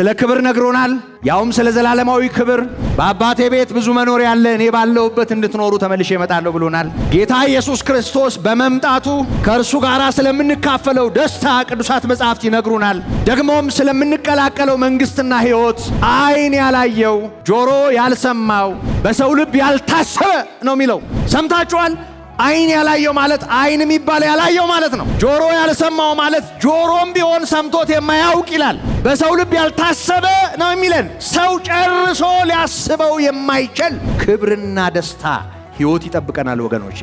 ስለ ክብር ነግሮናል። ያውም ስለ ዘላለማዊ ክብር በአባቴ ቤት ብዙ መኖሪያ አለ፣ እኔ ባለሁበት እንድትኖሩ ተመልሼ እመጣለሁ ብሎናል። ጌታ ኢየሱስ ክርስቶስ በመምጣቱ ከእርሱ ጋር ስለምንካፈለው ደስታ ቅዱሳት መጻሕፍት ይነግሩናል። ደግሞም ስለምንቀላቀለው መንግሥትና ሕይወት አይን ያላየው ጆሮ ያልሰማው በሰው ልብ ያልታሰበ ነው የሚለው ሰምታችኋል። አይን ያላየው ማለት አይን የሚባል ያላየው ማለት ነው። ጆሮ ያልሰማው ማለት ጆሮም ቢሆን ሰምቶት የማያውቅ ይላል። በሰው ልብ ያልታሰበ ነው የሚለን ሰው ጨርሶ ሊያስበው የማይችል ክብርና ደስታ ህይወት ይጠብቀናል ወገኖቼ።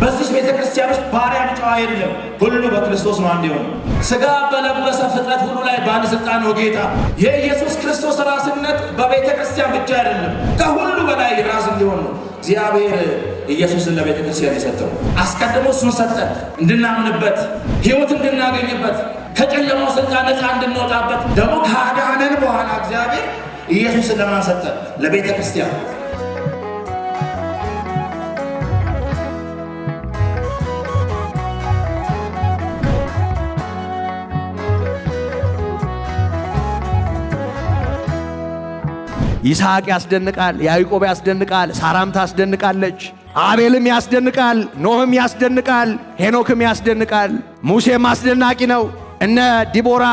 በዚህ ቤተ ክርስቲያን ውስጥ ባሪያ ጨዋ የለም፣ ሁሉ በክርስቶስ ነው አንድ የሆነ። ስጋ በለበሰ ፍጥረት ሁሉ ላይ በአንድ ስልጣን ነው ጌታ። የኢየሱስ ክርስቶስ ራስነት በቤተ ክርስቲያን ብቻ አይደለም፣ ከሁሉ በላይ ራስ እንዲሆን ነው እግዚአብሔር ኢየሱስን ለቤተ ክርስቲያን የሰጠው። አስቀድሞ እሱን ሰጠ እንድናምንበት፣ ህይወት እንድናገኝበት፣ ከጨለማው ስልጣን ነፃ እንድንወጣበት፣ ደግሞ ከአዳነን በኋላ እግዚአብሔር ኢየሱስን ለማን ለቤተክርስቲያን። ለቤተ ክርስቲያን ይስሐቅ ያስደንቃል፣ ያዕቆብ ያስደንቃል፣ ሳራም ታስደንቃለች፣ አቤልም ያስደንቃል፣ ኖህም ያስደንቃል፣ ሄኖክም ያስደንቃል፣ ሙሴም አስደናቂ ነው። እነ ዲቦራ፣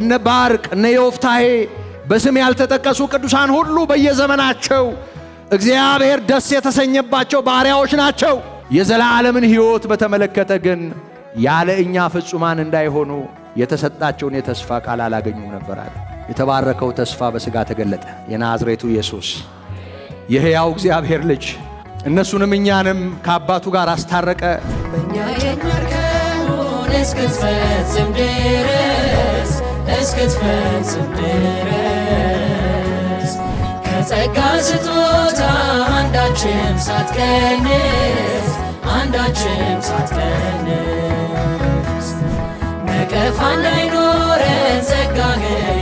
እነ ባርቅ፣ እነ ዮፍታሄ በስም ያልተጠቀሱ ቅዱሳን ሁሉ በየዘመናቸው እግዚአብሔር ደስ የተሰኘባቸው ባሪያዎች ናቸው። የዘላለምን ሕይወት በተመለከተ ግን ያለ እኛ ፍጹማን እንዳይሆኑ የተሰጣቸውን የተስፋ ቃል አላገኙ ነበራል። የተባረከው ተስፋ በሥጋ ተገለጠ። የናዝሬቱ ኢየሱስ የሕያው እግዚአብሔር ልጅ እነሱንም እኛንም ከአባቱ ጋር አስታረቀ። በእኛ እስክትፈጽም ድረስ እስክትፈጽም ድረስ ከጸጋ ስጦታ አንዳችም ሳትቀንስ አንዳችም ሳትቀንስ ነቀፋ እንዳይኖረን ጸጋህን